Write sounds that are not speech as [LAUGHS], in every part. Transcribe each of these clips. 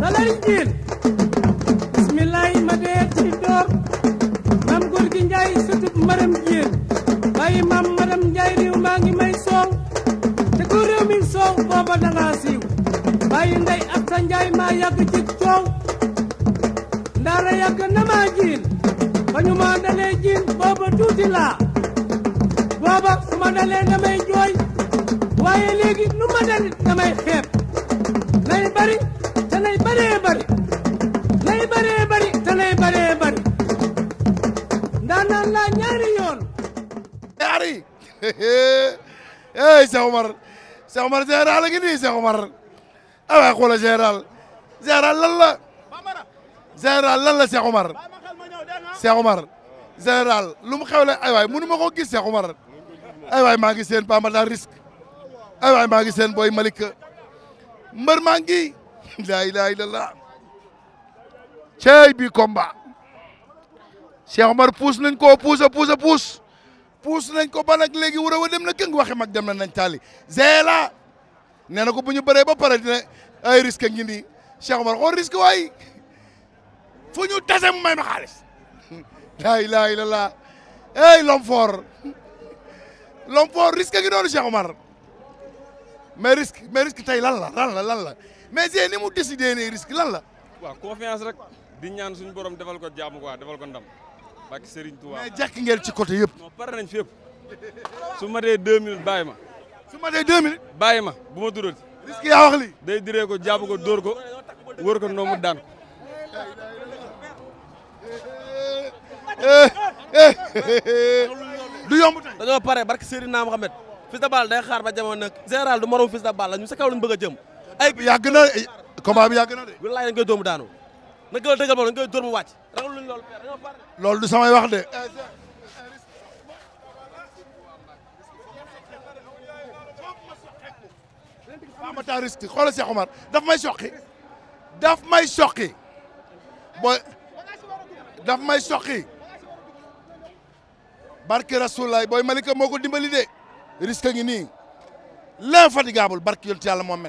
salari jiin bismillaay ma dee ci door maam góor njaay sutub maram jiin bàyyi maam maram njaay réew maa ngi may soow te ko réew mi soow booba danga siiw bàyyi ndey ak sa njaay maa yàgg ci coow ndaara yàgg na maa jiin ba dalee jiin booba tuuti laa booba su ma dalee damay jooy waaye léegi nu ma dalit damay xeeb lay bari bëree bëri lay bëree bëri te lay bëree bëri ndaanaan laa ñaari yoon ñaari [LAUGHS] ey Cheikh Omar Cheikh Omar général a ngi nii Cheikh Omar awaay xoola général général lan la général lan la Cheikh Omar Cheikh lu mu xewle ay waay mënu ma ko gis Cheikh Omar ay waay seen Pamba daal risque ay waay maa seen Boy Malika mbër maa ngi [LAUGHS] la ilaha illallah cey bi combat Cheikh Omar puus nagn ko puus a puus a nagn ko ba nak legui wura wa dem na keng waxe mak dem na nagn tali zela nena ko ba pare dina ay risque ngi nii Cheikh Omar xor risque way fuñu ñu mu may ma xaalis [LAUGHS] la ilaha illallah ey lom fort lom fort risque ngi non Cheikh Omar mais risque mais risque lan la lan mais yéen ni mu décidé ne risque lan la. waaw confiance rek di ñaan suñu borom defal ko jàmm ko defal ko ndam. bàkki Serigne Touba mais jàkk ngeen ci côté yëpp. non pare nañ fépp su ma dee deux minutes bàyyi ma. su ma dee bàyyi ma bu ma durati. risque yaa wax lii. day diree ko jàpp ko dóor ko wër ko noomu daan ko. du yomb tey. dañoo pare barki Serigne naa Mohamed. Fils de Balla day xaar ba jamono nag général du morom Fils de Balla ñu sa kaw a jëm. ay yàgg na combat bi yàgg na de. walaay da nga koy dóomu daanu na gën a dëggal moom da nga koy dóor mu wàcc ragal loolu. loolu du samay wax de. amata risque xoolal Cheikh Omar daf may soqi daf may soqi booy daf may soqi barke Rasoulaay booy Malika moo dimbali de risque ngi nii l'infatigable barke yonent yàlla moom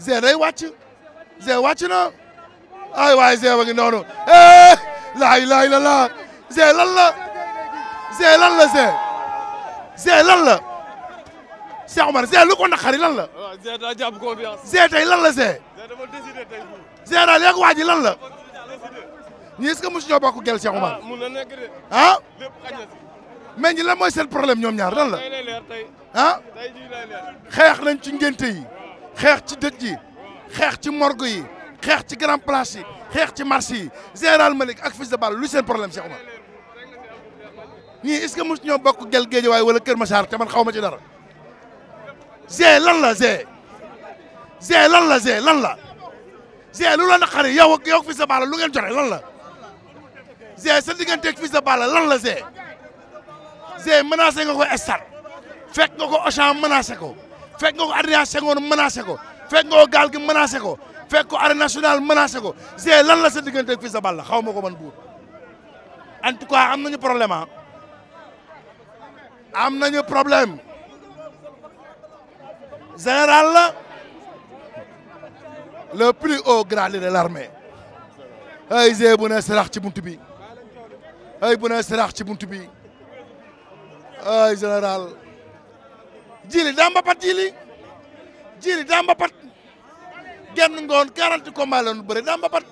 Zé day wàcc Zé wàcc na ay waay Zé wa ngi noonu eh laay laay la laa Zé lan la Zé lan la Zé Zé lan la Cheikh Omar Zé lu ko naqari lan la. waaw Zé daa jàpp confiance. Zé tey lan la Zé. Zé dama décidé ji lan la. ñii est-ce que mosu ñoo bokk gel Cheikh Omar. Ah, mun na nekk ah? mooy seen problème ñoom ñaar lan la. ah. xeex nañ ci ngénte yi. xeex ci dëj yi xeex ci morgue yi xeex ci grand place yi xeex ci marché yi général Malick ak fils de Balla lu seen problème Cheikh Oumar ñii est-ce que mos ñoo bokk gel Guédiawaye wala Kër Massar te man xaw ma ci dara Zé lan la Zé Zé lan la Zé lan la Zé lu la naqari yow ak yow ak fils de Balla lu ngeen joxe lan la Zé sa digganteeg fils de Balla lan la Zé Zé menacé nga ko Estar fekk nga ko Auchan menacé ko. fekk nga ko Adrien Senghor menacé ko fekk nga ko gaal gi menacé ko fekk ko arène nationale ko c'est lan la sa diggante ak Fils de Balla xaw ma ko man buur en tout cas am nañu problème ah. am nañu problème général le plus haut grade de l'armée ay g bu ne sarax ci buntu bi ay bu ne sarax ci buntu bi général jili daa mbapat jili jili daa mbapat genn ngoon 40 combat la nu bëre daa mbapat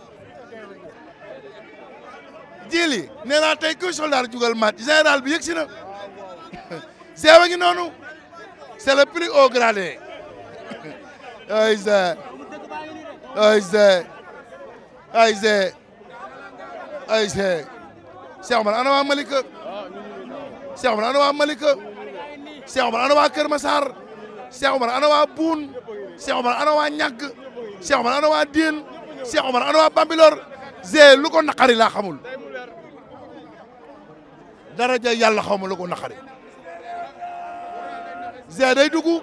jili nee naa tey kuy soldat jugal match général bi yëgsi na [LAUGHS] seewa ngi noonu c'est le plus haut gradé ay zee ay zee ay zee ay zee Cheikh Omar ana waa Malika Cheikh Omar ana waa Malika Cheikh Omar ana wa Kër Massar Cheikh Omar ana waa Buun Cheikh Omar ana waa Ñàgg Cheikh ana waa Diène Cheikh ana waa Bambilor Zé lu ko naqari daraja yàlla xaw ma lu ko day dugg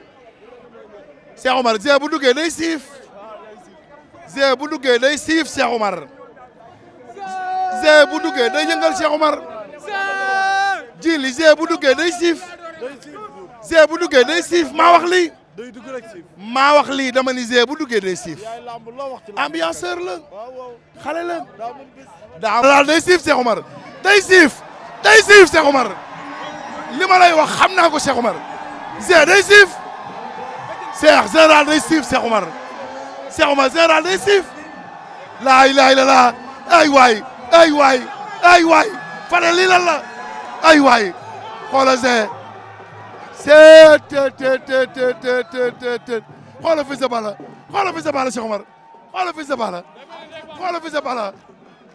Cheikh Omar bu duggee day siif Zé bu duggee day siif Cheikh Omar bu duggee day yëngal Cheikh Omar jili bu duggee day siif Zé bu duggee day siif maa wax lii. day dugg rek siif maa wax lii dama ni Zé bu duggee day siif. ambianceur la. xale la. daa daal day siif Cheikh Omar day siif day siif Cheikh Omar li ma lay wax xam naa ko Cheikh Omar Zé day siif. Cheikh général day siif Cheikh Omar Cheikh Omar général day siif. laa ilaaha illallaah ay waay ay waay ay waay fane lii lan la ay waay xoolal Zé. seet teet teet teet teet teet xoolal fii sa bala xoolal fii sa bala Cheikh Omar xoolal fii sa bala xoolal fii sa bala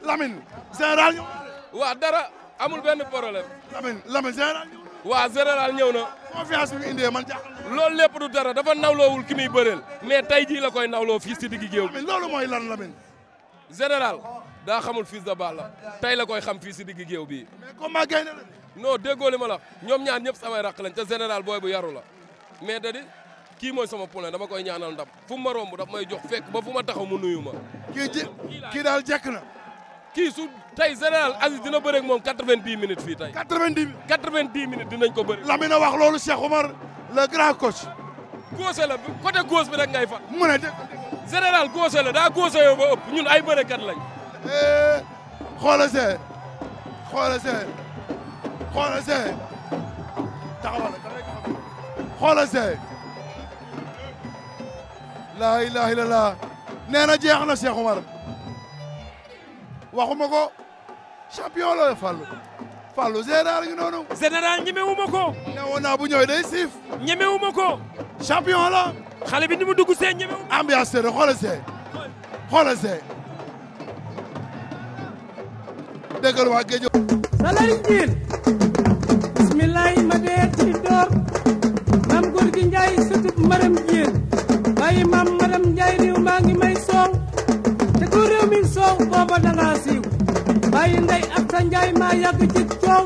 Lamine général ñëw waaw dara amul benn problème Lamine Lamine général ñëw waaw général ñëw na confiance bi indee man jaaxal loolu lépp du dara dafa nawloowul ki muy bëreel mais tey jii la koy nawloo fii si digg géew bi loolu mooy lan Lamine général daa xamul fils de Balla tey la koy xam fii si digg géew bi mais combat gaynde non déggoo li ma la ñoom ñaar ñëpp samay raq lañ te général booy bu yaru la mais kii mooy sama poulain dama koy ñaanal ndam fu ma romb daf mooy jox fekk ba fu ma taxaw mu nuyu ma. kii ji kii daal jekk na. kii su tey général Aziz dina bëreeg moom 90 minutes fii tey. 90 90 minutes dinañ ko bëri. Lamina wax loolu Cheikh Omar le grand coach. góose la côté góose bi rek ngay fa. mu ne de. général góose la daa góose yow ba ëpp ñun ay bërekat lañ. Eh, xoolal see xoolal see. xoola see taxawal xoola see laa ilaha illallah nee na jeex na Cheikh Omar waxuma ko champion la Fallou Fallou général ngi noonu général ñemewuma ko ne woon naa bu ñëwee day siif ñemewuma ko champion la xale bi ni mu dugg see ñemewuma ambiance de xoola see xoola see déggal waa géej salay jiin bismillaay ma dee door maam góor njaay sutub maram jiin bàyyi maam maram njaay réew maa ngi may soow te ku mi soow booba dangaa siiw bàyyi ndey ak sa njaay maa yàgg ci coow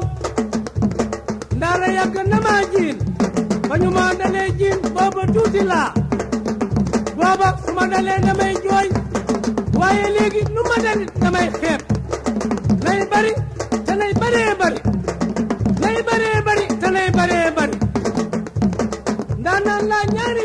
ndaara yàgg na maa jiin ba ñu ma dalee jiin booba tuuti laa booba su ma jooy waaye léegi nu ma dalit damay xeeb lay bari te lay bëree bari lay bëree bari te lay bëree bari